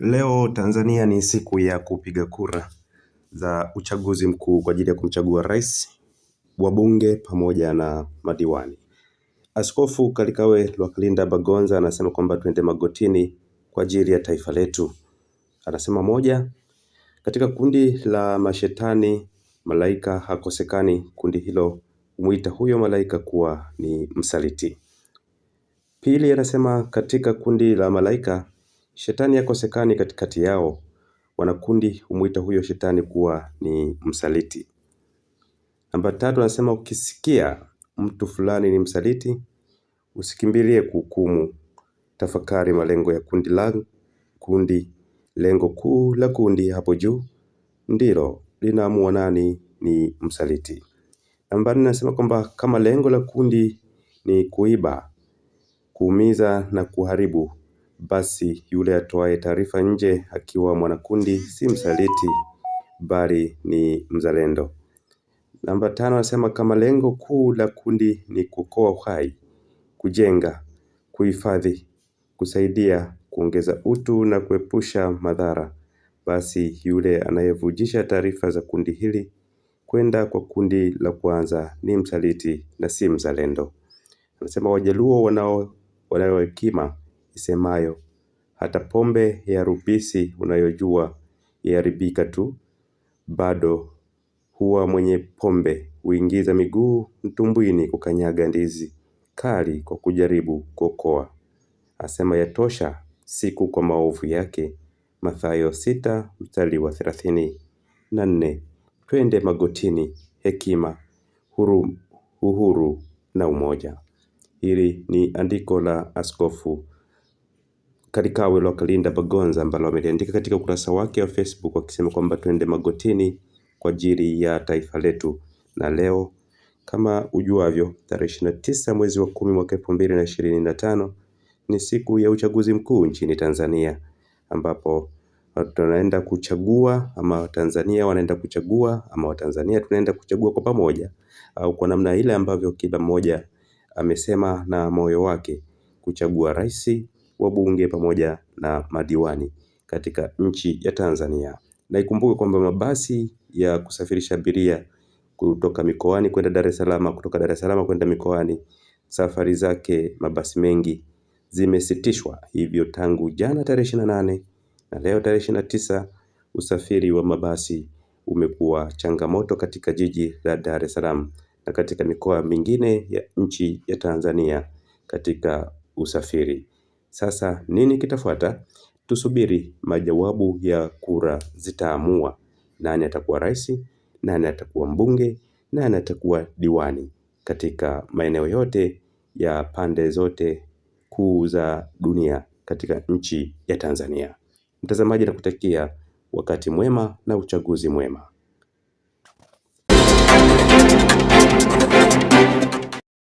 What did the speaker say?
Leo Tanzania ni siku ya kupiga kura za uchaguzi mkuu kwa ajili ya kumchagua rais, wabunge pamoja na madiwani. Askofu Kalikawe Lwakalinda Bagonza anasema kwamba twende magotini kwa ajili ya taifa letu. Anasema moja, katika kundi la mashetani malaika hakosekani. Kundi hilo humwita huyo malaika kuwa ni msaliti. Pili, anasema katika kundi la malaika Shetani akosekani katikati yao, wanakundi humwita huyo shetani kuwa ni msaliti. Namba tatu, anasema ukisikia mtu fulani ni msaliti, usikimbilie kuhukumu. Tafakari malengo ya kundi la kundi. Lengo kuu la kundi hapo juu ndilo linaamua nani ni msaliti. Namba nne, anasema kwamba kama lengo la kundi ni kuiba, kuumiza na kuharibu, basi yule atoaye taarifa nje akiwa mwanakundi si msaliti bali ni mzalendo. Namba tano anasema kama lengo kuu la kundi ni kukoa uhai, kujenga, kuhifadhi, kusaidia, kuongeza utu na kuepusha madhara, basi yule anayevujisha taarifa za kundi hili kwenda kwa kundi la kwanza ni msaliti na si mzalendo. Anasema Wajaluo wanao wanayo hekima isemayo, hata pombe ya rubisi unayojua iharibika tu, bado huwa mwenye pombe huingiza miguu mtumbwini kukanyaga ndizi kali kwa kujaribu kuokoa. Asema yatosha siku kwa maovu yake. Mathayo sita mstari wa thelathini na nne. Twende magotini, hekima, huru, uhuru na umoja. Hili ni andiko la Askofu Kalikawe Kalinda Bagonza ambalo ameliandika katika ukurasa wake wa Facebook akisema kwamba twende magotini kwa ajili ya taifa letu. Na leo kama ujuavyo, tarehe ishirini na tisa mwezi wa kumi mwaka elfu mbili na ishirini na tano ni siku ya uchaguzi mkuu nchini Tanzania ambapo tunaenda kuchagua ama Watanzania wanaenda kuchagua ama Watanzania tunaenda kuchagua kwa pamoja, au kwa namna ile ambavyo kila mmoja amesema na moyo wake kuchagua rais wabunge pamoja na madiwani katika nchi ya Tanzania. Na ikumbuke kwamba mabasi ya kusafirisha abiria kutoka mikoani kwenda Dar es Salaam, kutoka Dar es Salaam kwenda mikoani, safari zake mabasi mengi zimesitishwa. Hivyo tangu jana tarehe ishirini na nane na leo tarehe ishirini na tisa usafiri wa mabasi umekuwa changamoto katika jiji la Dar es Salaam na katika mikoa mingine ya nchi ya Tanzania katika usafiri. Sasa nini kitafuata? Tusubiri majawabu ya kura zitaamua nani atakuwa rais, nani atakuwa mbunge, nani atakuwa diwani katika maeneo yote ya pande zote kuu za dunia katika nchi ya Tanzania. Mtazamaji nakutakia wakati mwema na uchaguzi mwema.